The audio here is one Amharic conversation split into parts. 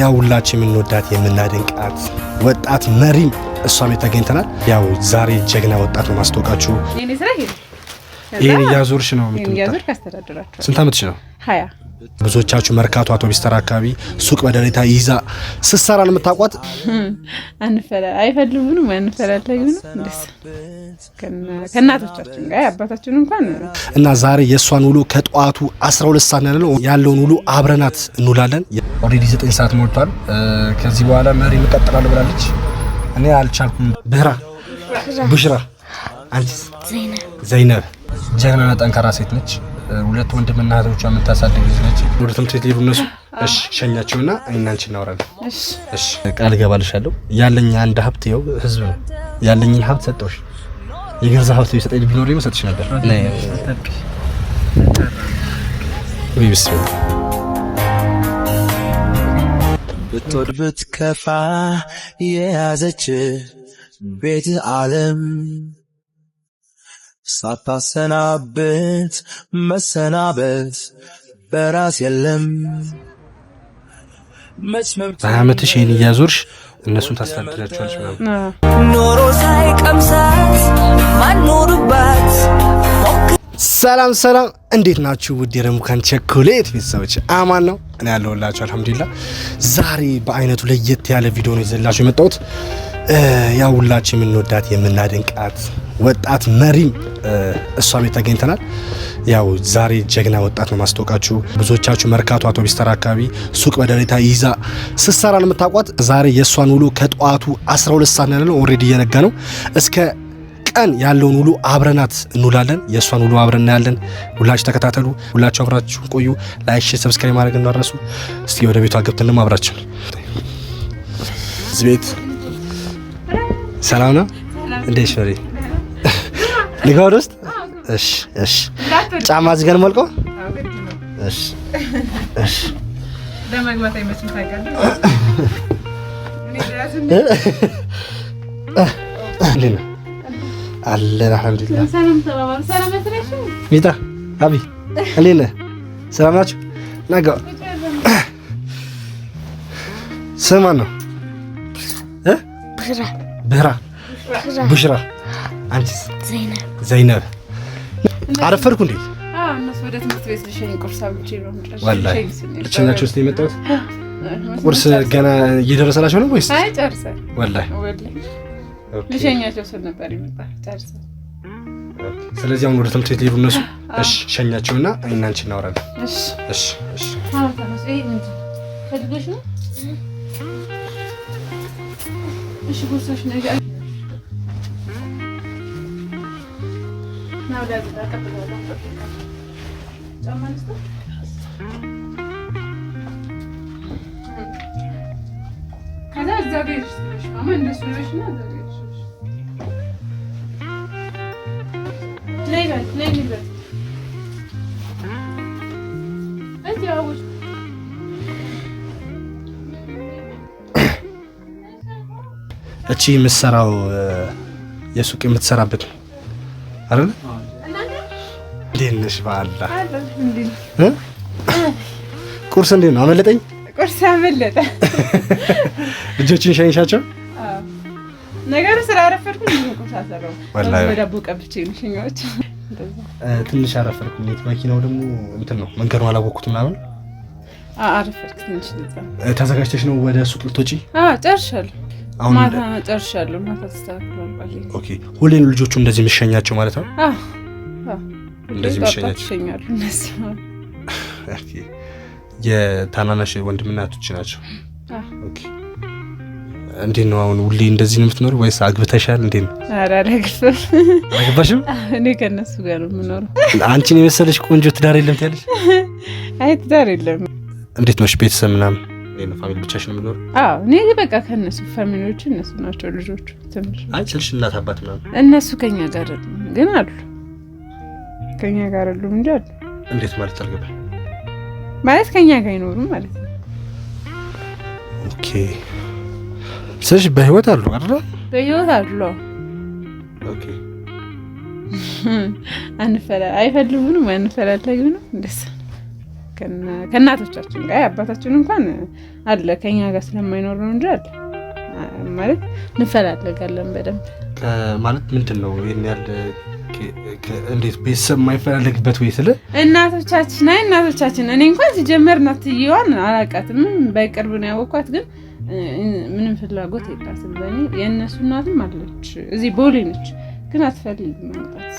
ያ ሁላችን የምንወዳት የምናደንቃት ወጣት መሪም እሷም ተገኝተናል። ያው ዛሬ ጀግና ወጣት ስራ ማስታወቃችሁ ይህን እያዞርሽ ነው እያዞርሽ ያስተዳድራቸዋል። ስንት ዓመትሽ ነው? ሀያ ብዙዎቻችሁ መርካቶ አቶ ሚስተር አካባቢ ሱቅ በደረታ ይዛ ስትሰራ ነው የምታውቋት። አንፈላ አይፈልም ምንም አንፈላላይ ምንም ከእናቶቻችን ጋር አባታችን እንኳን እና ዛሬ የእሷን ውሎ ከጠዋቱ 12 ሰዓት ያለው ያለውን ውሎ አብረናት እንውላለን። ኦልሬዲ 9 ሰዓት ሞልቷል። ከዚህ በኋላ መሪ እንቀጥላለን ብላለች። እኔ አልቻልኩም። ብራ ብሽራ አንቺስ? ዘይነብ ጀግናና ጠንካራ ሴት ነች። ሁለት ወንድምና እህቶቿ የምታሳድግ ልጅ ነች። ወደ ትምህርት ቤት ሊሄዱ እነሱ እሺ፣ ሸኛቸውና እኔና አንቺ እናወራለን። እሺ፣ ቃል እገባልሻለሁ። ያለኝ አንድ ሀብት ይኸው ህዝብ ነው። ያለኝን ሀብት ሰጠሁሽ። የገዛ ሀብት ቢሰጠኝ ቢኖር ሰጥሽ ነበር። ብትወድ ብትከፋ የያዘች ቤት አለም ሳታሰናብት መሰናበት በራስ የለም። በዓመትሽ ይህን እያዞርሽ እነሱን ታስተዳድራቸዋለሽ ኖሮ ሳይቀምሳት ማኖርባት። ሰላም ሰላም፣ እንዴት ናችሁ? ውድ የረሙካን ቸኮሌት ቤተሰቦች አማን ነው እኔ ያለሁላችሁ አልሐምዱሊላህ። ዛሬ በአይነቱ ለየት ያለ ቪዲዮ ነው ይዘላችሁ የመጣሁት ያው ሁላችን የምንወዳት የምናደንቃት ወጣት መሪ እሷ ቤት ተገኝተናል። ያው ዛሬ ጀግና ወጣት ነው ማስታወቃችሁ። ብዙዎቻችሁ መርካቶ አውቶቢስ ተራ አካባቢ ሱቅ በደረታ ይዛ ስትሰራ ነው የምታውቋት። ዛሬ የእሷን ውሎ ከጠዋቱ 12 ሰዓት ያለ ነው ኦልሬዲ እየነጋ ነው እስከ ቀን ያለውን ውሎ አብረናት እንውላለን። የእሷን ውሎ አብረን እናያለን። ሁላችሁ ተከታተሉ። ሁላችሁ አብራችሁን ቆዩ። ላይሽ ሰብስክራይብ ማድረግ እንዳረሱ። እስቲ ወደ ቤቷ ገብተን አብራችሁ ቤት ሰላም ነው። እንዴት ሾሪ ሊጋውድ ውስጥ እሺ፣ እሺ። ጫማ እዚህ ጋር ሞልቆ እሺ፣ እሺ። እኔ አልሐምዱሊላህ። አቢ እንዴት ሰላም ናችሁ? ነገ ስማን ነው ብህራ፣ ቡሽራ፣ አንቺስ? ዘይነብ። አረፈርኩ እንዴ? ልቸኛቸው ውስጥ የመጣሁት ቁርስ ገና እየደረሰላቸው ነው ወይስ? ወላሂ ልሸኛቸው ስል ነበር የመጣሁት። ስለዚህ አሁን ወደ ትምህርት ቤት ሊሄዱ እነሱ። እሺ ሸኛቸውና እኔና አንቺ እናወራለን። እሺ እሺ እሺ እሺ ጎሳሽ ነገር ነው። እቺ የምትሰራው የሱቅ የምትሰራበት ነው አይደል? እንዴት ነሽ? በአላ ቁርስ እንዴት ነው? አመለጠኝ። ቁርስ አመለጠ። ልጆችን ሸኝሻቸው ነገሩ ስላረፈድኩ ዳቦ ቀብቼ ሸኛዎች። ትንሽ አረፈርኩ። አረፈድኩኝ። መኪናው ደግሞ እንትን ነው መንገዱ አላወቅኩት ምናምን። አረፈርክ። ትንሽ። ተዘጋጅተሽ ነው ወደ ሱቅ ልትወጪ? ጨርሻለሁ አሁን ማታ ጨርሻለሁ። ማታ ተስተካክሏል። ኦኬ። ሁሌ ልጆቹ እንደዚህ የምትሸኛቸው ማለት ነው? አዎ፣ እንደዚህ የምትሸኛቸው እነሱ ኦኬ። የታናናሽ ወንድምና እህቶች ናቸው? አዎ። ኦኬ። እንዴት ነው አሁን ሁሌ እንደዚህ ነው የምትኖር ወይስ አግብተሻል? እንዴት ነው? ኧረ አላግብም። አላግባሽም? እኔ ከእነሱ ጋር ነው የምኖረው። አንቺን የመሰለሽ ቆንጆ ትዳር የለም ትያለሽ? አይ ትዳር የለም። እንዴት ነሽ? ቤተሰብ ምናምን ፋሚሊ ነው የምኖር እኔ በቃ ከእነሱ ፋሚሊዎች እነሱ ናቸው ልጆቹ። ትንሽ ስልሽ እናት አባት ምናምን እነሱ ከኛ ጋር ግን አሉ ከኛ ጋር አሉ እንጂ አሉ። እንዴት ማለት አልገባኝ። ማለት ከኛ ጋር አይኖሩም ማለት ነው። ኦኬ ስልሽ በህይወት አሉ አይደል? በህይወት አሉ። ኦኬ አንፈላ አይፈልጉንም አንፈላለግንም እንደዛ ከእናቶቻችን ጋር አባታችን እንኳን አለ ከኛ ጋር ስለማይኖር ነው እንጂ አለ ማለት እንፈላለጋለን በደንብ ማለት ምንድን ነው ይህን ያህል እንዴት ቤተሰብ የማይፈላለግበት ወይ ስል እናቶቻችን አይ እናቶቻችን እኔ እንኳን ሲጀመር እናትየዋን አላውቃትም በቅርብ ነው ያወኳት ግን ምንም ፍላጎት የላትም በእኔ የእነሱ እናትም አለች እዚህ ቦሌ ነች ግን አትፈልግም መምጣት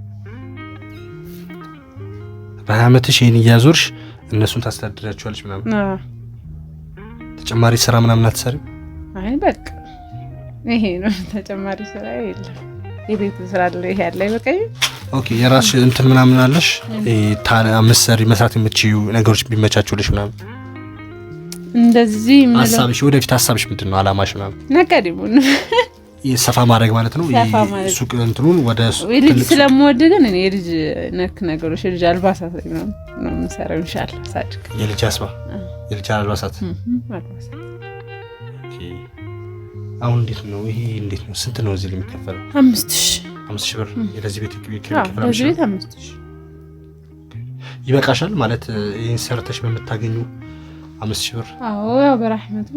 በአመትሽ ይህን እያዞርሽ እነሱን ታስተዳድሪያቸዋለች ምናምን ተጨማሪ ስራ ምናምን አትሰሪም? አይ በቃ ይሄ ነው ተጨማሪ ስራ የለም። የቤት ስራ አለ ይሄ አለ በቃ ኦኬ። የራስሽ እንትን ምናምን አለሽ ምሰሪ መስራት የምትችዩ ነገሮች ቢመቻችሁልሽ ምናምን እንደዚህ ሀሳብሽ ወደፊት ሀሳብሽ ምንድን ነው? አላማሽ ምናምን ነጋዴ መሆን ሰፋ ማድረግ ማለት ነው። ሱቅ እንትኑን ወደ ልጅ ስለምወድ ግን እኔ የልጅ ነክ ነገሮች የልጅ አልባሳት ላይ ነው የምሰራው። ይሻል ሳድግ የልጅ አስባ የልጅ አልባሳት አሁን እንዴት ነው ይሄ? እንዴት ነው? ስንት ነው እዚህ ላይ የሚከፈለው? አምስት ሺህ አምስት ሺህ ብር ለዚህ ቤት ቤት አምስት ሺህ ይበቃሻል ማለት ይህን ሰርተሽ በምታገኙ አምስት ሺ ብር። አዎ ያው በራህመቱ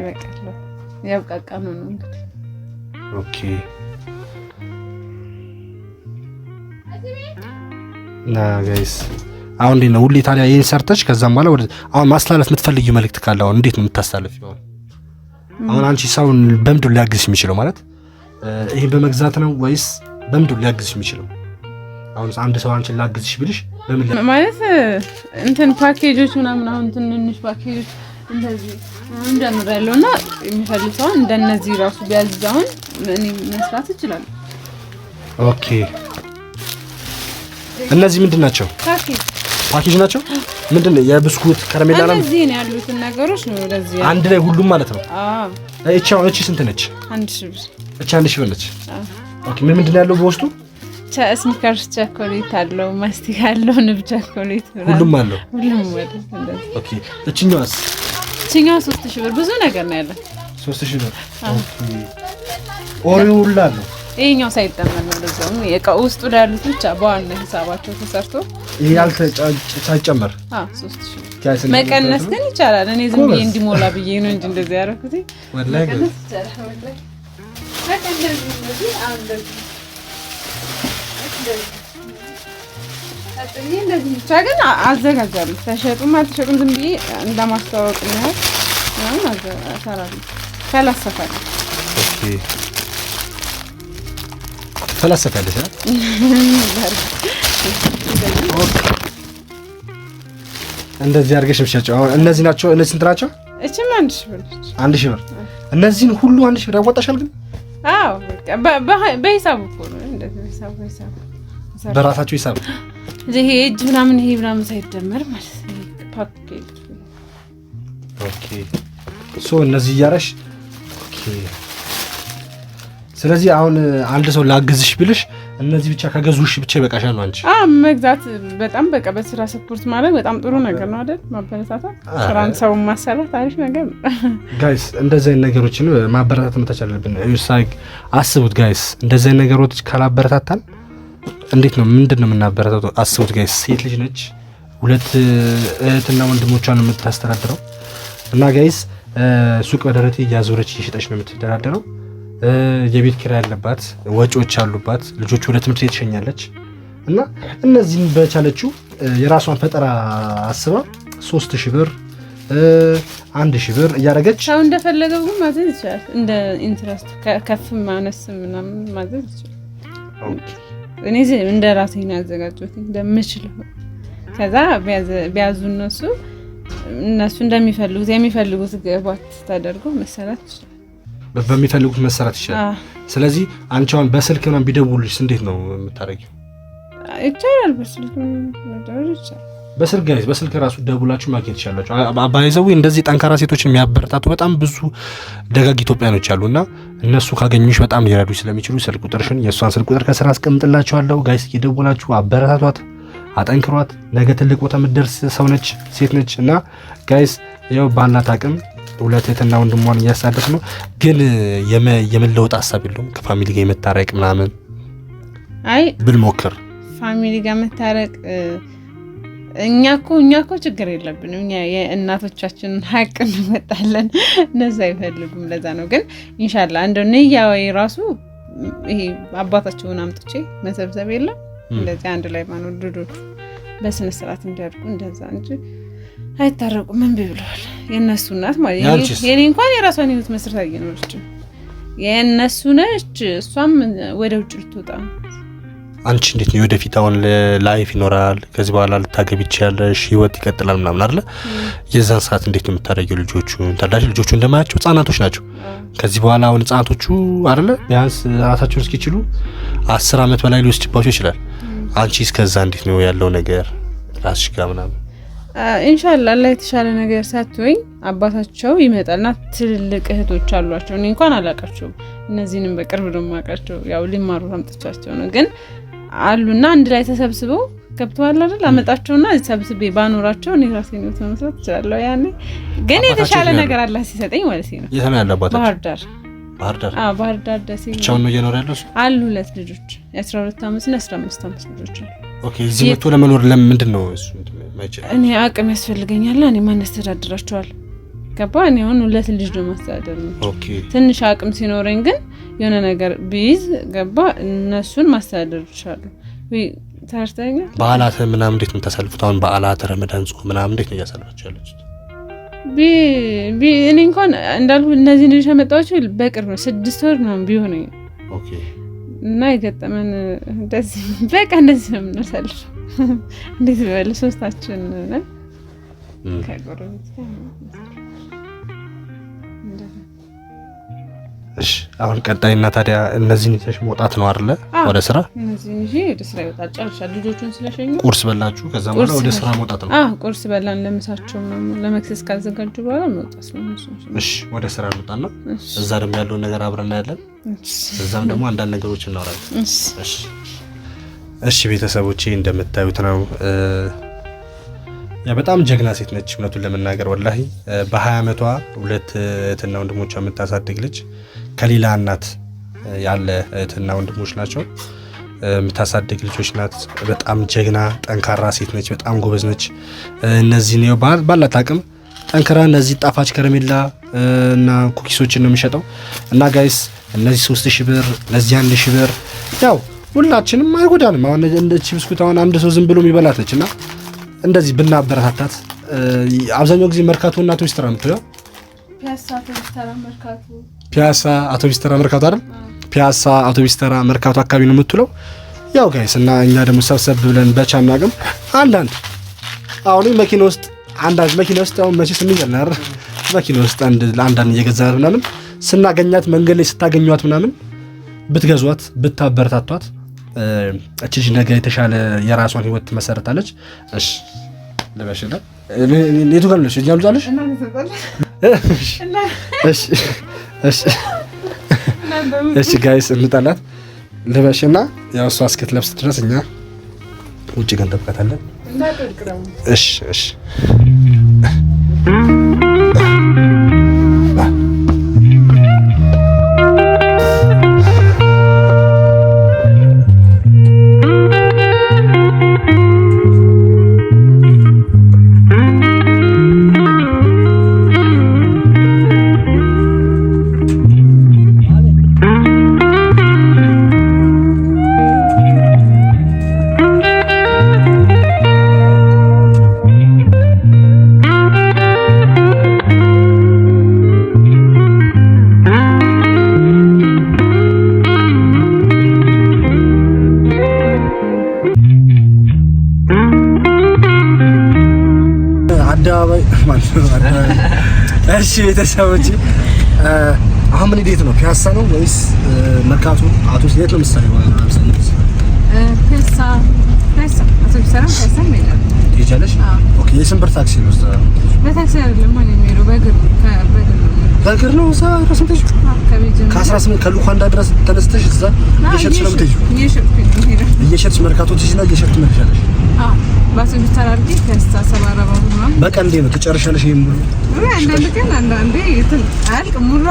ይበቃል። ያብቃቃ ነው ነው እንግዲህ ኦኬ። ና ጋይስ አሁን እንዴት ነው ሁሌ ታዲያ ይህን ሰርተች ከዛም በኋላ ወደ አሁን ማስተላለፍ የምትፈልጊው መልእክት ካለ አሁን እንዴት ነው የምታስተላለፍ? አሁን አንቺ ሰውን በምንድን ሊያግዝሽ የሚችለው? ማለት ይሄ በመግዛት ነው ወይስ በምንድን ሊያግዝሽ የሚችለው? አሁን አንድ ሰው አንቺን ላግዝሽ ብልሽ በምን ማለት እንትን ፓኬጆች ምናምን አሁን ትንንሽ ፓኬጆች እንደዚህ እንጀምራለሁ እና የሚፈልግ ሰውን እንደነዚህ ራሱ ቢያዝ አሁን እኔ መስራት ይችላል። ኦኬ እነዚህ ምንድን ናቸው? ፓኬጅ ናቸው። ምንድን ነው የብስኩት ከረሜላ ነው። እዚህ ነው ያሉት ነገሮች ነው ወደዚህ አንድ ላይ ሁሉም ማለት ነው። አዎ እቺ አሁን እቺ ስንት ነች? አንድ ሺህ ብር። እቺ አንድ ሺህ ብር ነች። ኦኬ ምን ምንድን ነው ያለው በውስጡ? ስኒከርስ ቸኮሌት አለው፣ ማስቲካ አለው፣ ንብ ቸኮሌት ሁሉም አለው። ሁሉም ወደ ኦኬ እቺኛዋስ ይችኛው ሶስት ሺህ ብር ብዙ ነገር ነው ያለ። ሶስት ሺህ ብር ኦሪዮ ሁላ ነው። ይሄኛው ሳይጠመን ነው ለዛው የቃ ውስጡ ላሉት ብቻ በዋና ሂሳባቸው ተሰርቶ ይሄ ሳይጨመር መቀነስ ግን ይቻላል። እኔ ዝም ብዬ እንዲሞላ ብዬ ነው እንጂ እንደዚህ ያደረኩት ወላሂ መቀነስ ብቻ ግን አዘጋጃለሁ። ተሸጡም አልተሸጡም ዝም ብዬ እንደማስተዋወቅ ነው ምናምን ፈላሰፋለሁ። ፈላሰፋለሽ? እንደዚህ አድርገሽ ብቻ ጨዋታ። እነዚህ ናቸው። እነዚህ ስንት ናቸው? እችም አንድ ሺህ ብር አንድ ሺህ ብር። እነዚህን ሁሉ አንድ ሺህ ብር ያዋጣሻል ግን? አዎ በሂሳቡ እኮ ነው። በራሳቸው ሂሳብ ይሄ እጅ ምናምን ይሄ ምናምን ሳይደመር ማለት ነው። ፓኬጅ ኦኬ። ሶ እነዚህ እያረሽ ኦኬ። ስለዚህ አሁን አንድ ሰው ላግዝሽ ብልሽ እነዚህ ብቻ ከገዙሽ ብቻ ይበቃሻል ነው አንቺ? አዎ መግዛት በጣም በቃ በስራ ሰፖርት ማለት በጣም ጥሩ ነገር ነው አይደል? ማበረታታት፣ ስራን ሰው ማሰራት አሪፍ ነገር ነው። ጋይስ እንደዚህ አይነት ነገሮችን ማበረታታት መቻል አለብን። አስቡት ጋይስ እንደዚህ አይነት ነገሮች ካላበረታታን እንዴት ነው ምንድን ነው የምናበረታተው? አስቡት ጋይ ሴት ልጅ ነች፣ ሁለት እህትና ወንድሞቿን የምታስተዳድረው እና ጋይስ ሱቅ በደረቴ እያዞረች እየሸጠች ነው የምትደራደረው። የቤት ኪራይ ያለባት፣ ወጪዎች አሉባት፣ ልጆቹ ወደ ትምህርት ቤት ትሸኛለች እና እነዚህን በቻለችው የራሷን ፈጠራ አስባ ሶስት ሺህ ብር አንድ ሺህ ብር እያደረገች አሁን እንደፈለገው ማዘዝ ይችላል። እንደ ኢንትረስት ከፍም አነስም ምናምን ማዘዝ ይችላል። እኔ እንደ ራሴ ነው ያዘጋጀሁት እንደምችለው። ከዛ ቢያዙ እነሱ እነሱ እንደሚፈልጉት የሚፈልጉት ግባት ተደርጎ መሰራት ይችላል፣ በሚፈልጉት መሰራት ይችላል። ስለዚህ አንቺ በስልክ ምናምን ቢደውሉልሽ እንዴት ነው የምታደርጊው? ይቻላል፣ በስልክ መደወል ይቻላል። በስልክ ጋይስ በስልክ ራሱ ደውላችሁ ማግኘት ይቻላችሁ። ባይዘዊ እንደዚህ ጠንካራ ሴቶችን የሚያበረታቱ በጣም ብዙ ደጋግ ኢትዮጵያኖች አሉና እነሱ ካገኙሽ በጣም ሊረዱ ስለሚችሉ ስልክ ቁጥርሽን የእሷን ስልክ ቁጥር ከስራ አስቀምጥላችኋለሁ። ጋይስ እየደውላችሁ አበረታቷት፣ አጠንክሯት። ነገ ትልቅ ቦታ የምትደርስ ሰው ነች፣ ሴት ነች እና ጋይስ ያው ባላት አቅም ሁለት እህትና ወንድሟን እያሳደፍ ነው፣ ግን የመለወጥ ሀሳብ የለውም ከፋሚሊ ጋር የመታረቅ ምናምን አይ ብንሞክር ፋሚሊ ጋር መታረቅ እኛ ኮ እኛ ኮ ችግር የለብንም። እኛ የእናቶቻችንን ሀቅ እንመጣለን። እነዛ አይፈልጉም። ለዛ ነው ግን እንሻላ እንደ ንያወይ ራሱ ይሄ አባታቸውን አምጥቼ መሰብሰብ የለም እንደዚህ አንድ ላይ ማኖ ልጆቹ በስነ ስርዓት እንዲያድጉ እንደዛ እንጂ አይታረቁም። ምን ብለዋል የእነሱ እናት ማለት የኔ እንኳን የራሷን ህይወት መስረት አየኖርችም የእነሱ ነች። እሷም ወደ ውጭ ልትወጣ ነው አንቺ እንዴት ነው ወደፊት አሁን ላይፍ ይኖራል፣ ከዚህ በኋላ ልታገቢ ትችያለሽ፣ ህይወት ይቀጥላል ምናምን አለ። የዛን ሰዓት እንዴት ነው የምታደርጊው? ልጆቹ ታዳሽ ልጆቹ እንደማያቸው ህጻናቶች ናቸው። ከዚህ በኋላ አሁን ህጻናቶቹ አይደለ ቢያንስ ራሳቸውን እስኪችሉ አስር አመት በላይ ሊወስድባቸው ይችላል። አንቺ እስከዛ እንዴት ነው ያለው ነገር ራስሽ ጋር ምናምን ኢንሻአላህ ላይ የተሻለ ነገር ሳትወኝ አባታቸው ይመጣልና ትልልቅ እህቶች አሏቸው። እኔ እንኳን አላውቃቸውም። እነዚህንም በቅርብ ነው የማውቃቸው። ያው ሊማሩ አምጥቻቸው ነው ግን አሉና አንድ ላይ ተሰብስበው ገብተዋል አይደል? አመጣቸውና ሰብስቤ ባኖራቸው እኔ ራሴ ነው መስራት እችላለሁ። ያኔ ግን የተሻለ ነገር አላህ ሲሰጠኝ ማለት ነው። የት ነው ያለባት? ባህር ዳር ባህር ዳር ደሴ። ብቻውን ነው እየኖር ያለው? አሉ ሁለት ልጆች የአስራ ሁለት አመት እና አስራ አምስት ዓመት ልጆች አሉ። ኦኬ። እዚህ መጥቶ ለመኖር ለምንድን ነው እሱ? እኔ አቅም ያስፈልገኛል። እኔ ማን ያስተዳድራቸዋል? ገባ እኔ አሁን ሁለት ልጅ ነው ማስተዳደር ነው። ትንሽ አቅም ሲኖረኝ ግን የሆነ ነገር ብይዝ ገባ እነሱን ማስተዳደር ይችላሉ። ታርተኛ በዓላት ምናምን እንዴት ነው ተሰልፉት? አሁን በዓላት ረመዳን፣ ጾም ምናምን እንዴት ነው እያሳለፋችሁ ያለችው? እኔ እንኳን እንዳልኩ እነዚህ ልጆች ያመጣኋቸው በቅርብ ነው ስድስት ወር ነው ቢሆነኝ እና የገጠመን እንደዚህ በቃ እንደዚህ ነው የምናሳልፈው። እንዴት በል ሶስታችን ነን ከጎረቤት ጋር አሁን ቀጣይና ታዲያ እነዚህን ይዘሽ መውጣት ነው አይደለ? ወደ ስራ እነዚህን ወደ ስራ ይወጣ ጨርሻለሁ። ልጆቹን ስለሸኙ ቁርስ በላችሁ፣ ከዛ በኋላ ወደ ስራ መውጣት ነው። አዎ ቁርስ በላን፣ ለምሳቸው ነው ለመክሰስ ካዘጋጁ በኋላ መውጣት ነው። እሺ ወደ ስራ እንውጣና እዛ ደግሞ ያለውን ነገር አብረን እናያለን። እዛም ደግሞ አንዳንድ ነገሮች እናወራለን። እሺ እሺ ቤተሰቦቼ እንደምታዩት ነው። ያ በጣም ጀግና ሴት ነች፣ እውነቱን ለመናገር ወላሂ በሀያ ዓመቷ ሁለት እህትና ወንድሞቿ የምታሳድግ ልጅ ከሌላ እናት ያለ እህትና ወንድሞች ናቸው። የምታሳደግ ልጆች ናት። በጣም ጀግና ጠንካራ ሴት ነች። በጣም ጎበዝ ነች። እነዚህ ነው ባላት አቅም ጠንክራ እነዚህ ጣፋጭ ከረሜላ እና ኩኪሶችን ነው የሚሸጠው እና ጋይስ እነዚህ ሶስት ሺህ ብር እነዚህ አንድ ሺህ ብር ያው ሁላችንም አይጎዳንም። አሁን እቺ ብስኩት አሁን አንድ ሰው ዝም ብሎ የሚበላት ነች እና እንደዚህ ብናበረታታት አብዛኛው ጊዜ መርካቶ እና ቶስተራ ምትለው ፒያሳ አውቶቢስ ተራ መርካቶ አይደል? ፒያሳ አውቶቢስ ተራ መርካቶ አካባቢ ነው የምትውለው። ያው ጋይስ እና እኛ ደግሞ ሰብሰብ ብለን በቻና ግን አንዳንድ አሁን መኪና ውስጥ አንዳንድ መኪና ውስጥ አሁን መቼ ስንገና አይደል? መኪና ውስጥ አንድ አንዳንድ እየገዛን ምናምን ስናገኛት መንገድ ላይ ስታገኟት ምናምን ብትገዟት ብታበረታቷት እቺ ነገ የተሻለ የራሷን ህይወት ትመሰረታለች። እሺ ልበሽላ ኔቱ ጋር ነሽ? እኛ አለሽ? እሺ እሺ ጋይስ እንጠላት ልበሽና ያው እሷ እስክትለብስ ድረስ እኛ ውጭ ገንጠብቀታለን። እሺ እሺ እሺ ቤተሰቦች አሁን ምን ቤት ነው? ፒያሳ ነው ወይስ መርካቶ? አቶ የት ነው የምትሰሪው? ፒያሳ ፒያሳ አቶ ሰራ ፒያሳ ኦኬ የስንት ብር ታክሲ ነው? በታክሲ አይደለም ማለት ነው፣ በእግር በእግር ነው። እዛ ከስንት ድረስ ተነስተሽ እዛ እየሸጥሽ ነው የምትሄጂው? እየሸጥሽ መርካቶ ትይዝና እየሸጥ ትመለሻለሽ። አዎ ከስታ እንዴ ነው ትጨርሻለሽ። ይሄን ሙሉ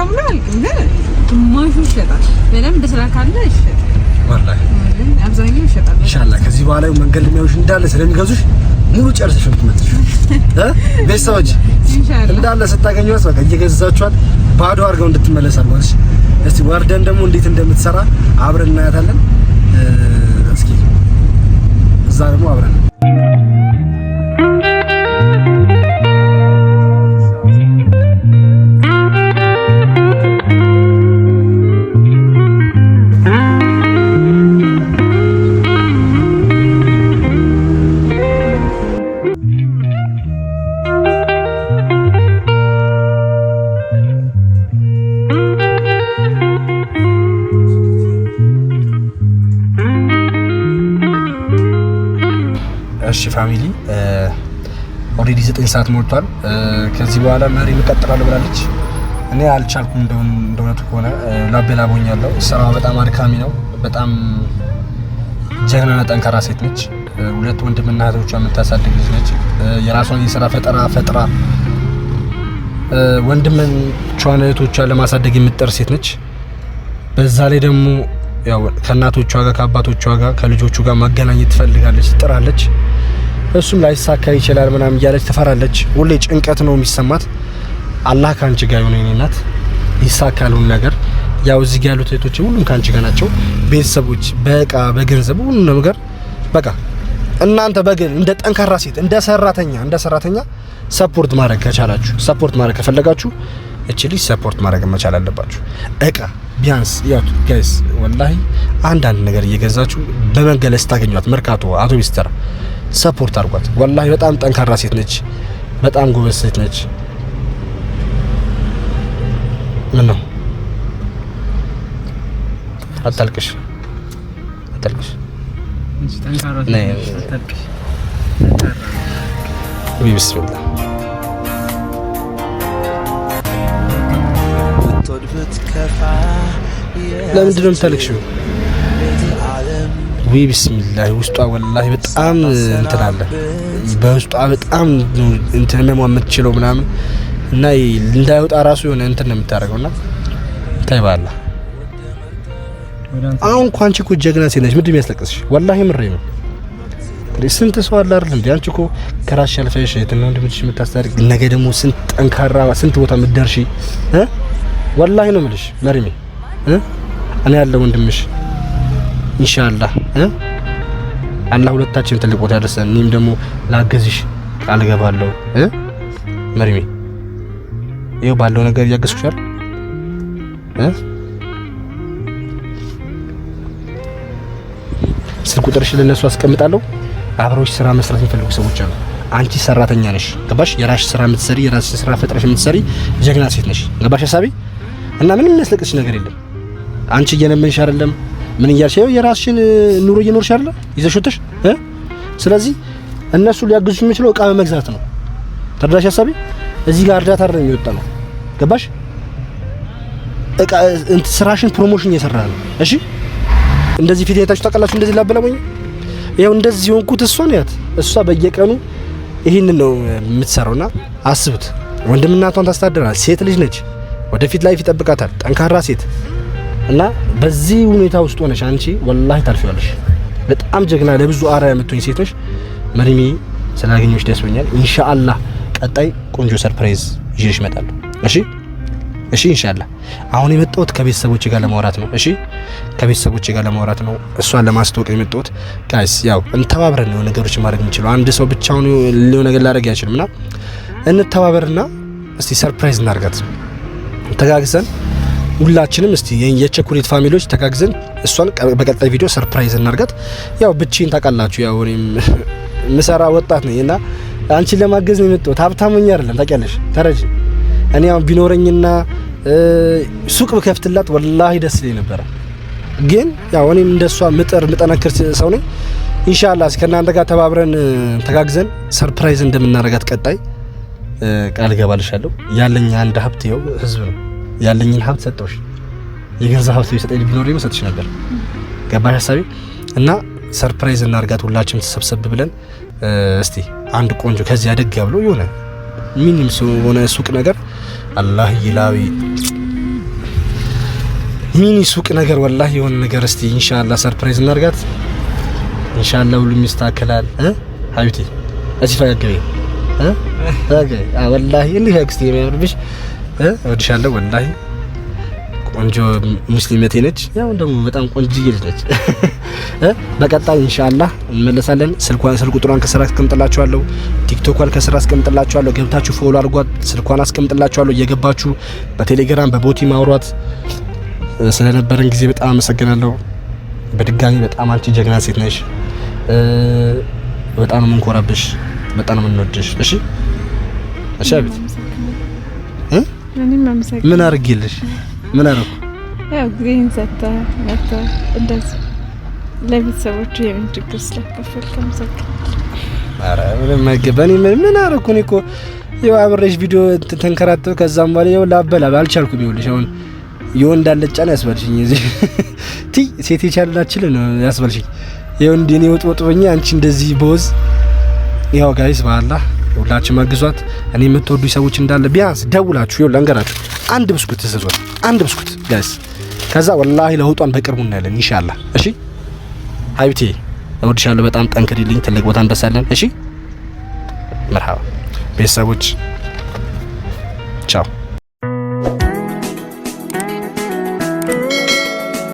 አብዛኛው ኢንሻአላህ ከዚህ በኋላ መንገድ የሚያዩሽ እንዳለ ስለሚገዙሽ ሙሉ ጨርሰሽ ነው የምትመጪው ቤተሰቦች እንዳለ ስታገኙት በቃ እየገዛችኋል ባዶ አድርገው እንድትመለስ እስቲ ወርደን ደግሞ እንዴት እንደምትሰራ አብረን እናያታለን። Eee, yy, Zaremu Abrem. ሰዓት ሞልቷል። ከዚህ በኋላ መሪ እቀጥላለሁ ብላለች። እኔ አልቻልኩም። እንደእውነቱ ከሆነ ላቤ ላቦኛለሁ። ስራዋ በጣም አድካሚ ነው። በጣም ጀግናና ጠንካራ ሴት ነች። ሁለት ወንድምና እህቶቿ የምታሳድግ ልጅ ነች። የራሷን የስራ ፈጠራ ፈጥራ ወንድሞቿን እህቶቿን ለማሳደግ የምትጠር ሴት ነች። በዛ ላይ ደግሞ ያው ከእናቶቿ ጋር ከአባቶቿ ጋር ከልጆቹ ጋር ማገናኘት ትፈልጋለች፣ ትጥራለች። እሱም ላይሳካ ይችላል ምናምን እያለች ትፈራለች። ሁሌ ጭንቀት ነው የሚሰማት። አላህ ካንቺ ጋር ይሁን የኔ ናት፣ ነገር። ያው እዚህ ጋር ያሉት እህቶች ሁሉም ካንቺ ጋር ናቸው። ቤተሰቦች በእቃ በገንዘብ ሁሉ ነገር በቃ እናንተ በግል እንደ ጠንካራ ሴት እንደ ሰራተኛ እንደ ሰራተኛ ሰፖርት ማድረግ ከቻላችሁ ሰፖርት ማድረግ ከፈለጋችሁ እቺ ልጅ ሰፖርት ማድረግ መቻል አለባችሁ። እቃ ቢያንስ ያቱ ጋይስ ወላሂ አንዳንድ ነገር እየገዛችሁ በመገለስ ታገኟት። መርካቶ፣ አቶ ተራ ሰፖርት አድርጓት። ወላሂ በጣም ጠንካራ ሴት ነች። በጣም ጎበዝ ሴት ነች። ምን ነው አታልቅሽ፣ አታልቅሽ። ለምንድን ነው የምታለቅሽው? ዊ ቢስሚላህ ውስጧ ወላሂ በጣም እንትን አለ በውስጧ በጣም እንትን ህመሟ የምትችለው ምናምን እና እንዳይወጣ ራሱ የሆነ እንትን ነው የምታደርገው። እና ታይባለ አሁን እኮ አንቺ እኮ ጀግና ሴት ነሽ። ምንድን የሚያስለቅስሽ? ወላሂ ምሬ ነው። ስንት ሰው አለ አይደል እንዴ? አንቺ እኮ ከራስሽ አልፈሽ የትና ወንድምሽ የምታስታርቅ ነገ ደግሞ ስንት ጠንካራ ስንት ቦታ የምትደርሺ እ ወላሂ ነው የምልሽ መሪሜ እ እኔ ያለ ወንድምሽ ኢንሻአላህ እ አላህ ሁለታችን ትልቅ ቦታ ያደርሰን። እኔም ደግሞ ላገዝሽ ቃል ገባለሁ። መሪሜ ይኸው ባለው ነገር እያገዝኩሽ እ ስልክ ቁጥርሽን ለነሱ አስቀምጣለሁ። አብረውሽ ስራ መስራት የሚፈልጉ ሰዎች አሉ። አንቺ ሰራተኛ ነሽ፣ ገባሽ? የራስሽ ስራ የምትሰሪ የራስሽ ስራ ፈጥረሽ የምትሰሪ ጀግና ሴት ነሽ፣ ገባሽ? ሀሳቤ እና ምንም የሚያስለቅስሽ ነገር የለም። አንቺ እየለመንሽ አይደለም ምን እያልሽ ነው? የራስሽን ኑሮ እየኖርሽ አይደለ? ይዘሽተሽ እ ስለዚህ እነሱ ሊያግዙሽ የሚችለው እቃ በመግዛት ነው። ተደራሽ ሀሳቤ እዚህ ጋር እርዳታ አይደለም የሚወጣ ነው። ገባሽ? እቃ ስራሽን ፕሮሞሽን እየሰራ ነው። እሺ እንደዚህ ፊት የታችሁ ታውቃላችሁ። እንደዚህ ላበላሞኝ ይኸው እንደዚህ የሆንኩት እሷ ነው ያት እሷ በየቀኑ ይህንን ነው የምትሰራውና አስቡት። ወንድምናቷን ታስተዳድራል። ሴት ልጅ ነች። ወደፊት ላይፍ ይጠብቃታል። ጠንካራ ሴት እና በዚህ ሁኔታ ውስጥ ሆነሽ አንቺ ወላሂ ታልፊዋለሽ። በጣም ጀግና ለብዙ አርአያ የምትሆኝ ሴት ነሽ። መሪሚ ስላገኘሽ ደስ ብሎኛል። ኢንሻአላህ ቀጣይ ቆንጆ ሰርፕራይዝ ይዤሽ እመጣለሁ። እሺ እሺ ኢንሻአላህ። አሁን የመጣሁት ከቤተሰቦች ጋር ለማውራት ነው። እሺ ከቤተሰቦች ጋር ለማውራት ነው፣ እሷን ለማስተዋወቅ የመጣሁት ጋይስ። ያው እንተባብረን ነው ነገሮች ማድረግ የምንችለው። አንድ ሰው ብቻውን ሊሆን ነገር ላደርግ አይችልምና እንተባበርና እስቲ ሰርፕራይዝ እናርጋት ተጋግዘን ሁላችንም እስቲ የቸኮሌት ፋሚሊዎች ተጋግዘን እሷን በቀጣይ ቪዲዮ ሰርፕራይዝ እናርጋት። ያው ብቻዬን ታውቃላችሁ፣ ያው እኔም ምሰራ ወጣት ነኝ እና አንቺን ለማገዝ ነው የመጣሁት። ሀብታምኛ አይደለም ታውቂያለሽ፣ ተረጅ እኔ ያው ቢኖረኝና ሱቅ ብከፍትላት ወላሂ ደስ ይለኝ ነበረ። ግን ያው እኔም እንደሷ ምጥር ምጠነክር ሰው ነኝ። ኢንሻአላህ ከእናንተ ጋር ተባብረን ተጋግዘን ሰርፕራይዝ እንደምናረጋት ቀጣይ ቃል ገባልሻለሁ። ያለኝ አንድ ሀብት ይኸው ህዝብ ነው። ያለኝን ሀብት ሰጠሁሽ። የገንዘብ ሀብት ቢሰጠኝ ቢኖር ሰጥሽ ነበር። ገባሽ ሀሳቤ? እና ሰርፕራይዝ እናርጋት ሁላችንም ተሰብሰብ ብለን እስቲ አንድ ቆንጆ ከዚህ አደግ ያብሎ የሆነ ሚኒም ሆነ ሱቅ ነገር አላህ ይላዊ ሚኒ ሱቅ ነገር ወላሂ የሆነ ነገር እስቲ ኢንሻአላ ሰርፕራይዝ እናርጋት። ኢንሻአላ ሁሉም ይስተካከላል። ሀዩቲ እዚህ ፈገግ በይ። ወላሂ እንዲህ ፈገግ ስትይ የሚያምርብሽ እወድሻለሁ። ወላሂ ቆንጆ ሙስሊመቴ ነች። ያው ደግሞ በጣም ቆንጆ ልጅ ነች። በቀጣይ ኢንሻአላህ እንመለሳለን። ስልኳን ስልክ ቁጥሯን ከስራ አስቀምጥላችኋለሁ። ቲክቶኳን ከስራ አስቀምጥላችኋለሁ። ገብታችሁ ፎሎ አድርጓት። ስልኳን አስቀምጥላችኋለሁ። እየገባችሁ በቴሌግራም በቦቲ ማውሯት። ስለነበረን ጊዜ በጣም አመሰግናለሁ። በድጋሚ በጣም አንቺ ጀግና ሴት ነሽ። በጣም ነው የምንኮራብሽ። በጣም የምንወድሽ። እሺ እሺ አቤት ምን አርግልሽ? ምን አረኩ? ያው ጊዜህን ሰጥተህ መጥተህ እንደዚህ ለቤተሰቦቹ የምን ችግር አመሰግናለሁ። ምን እኔ እኮ ያው አብሬሽ ቪዲዮ ተንከራተው ከዛም በኋላ ያው ላበላ አልቻልኩም። ይኸውልሽ አሁን የወንድ ነው ያስበልሽኝ። እዚህ ቲ ሴት ነው ያስበልሽኝ። እኔ ወጥ አንቺ እንደዚህ ያው ጋይስ ሁላችን መግዟት። እኔ የምትወዱ ሰዎች እንዳለ ቢያንስ ደውላችሁ ይኸው ለንገራችሁ አንድ ብስኩት ስዟት፣ አንድ ብስኩት ጋይስ። ከዛ ወላሂ ለውጧን በቅርቡ እናያለን ኢንሻአላህ። እሺ ሀይብቴ እወድሻለሁ። በጣም ጠንክሪልኝ። ትልቅ ቦታ እንደርሳለን። እሺ መርሃባ ቤተሰቦች፣ ቻው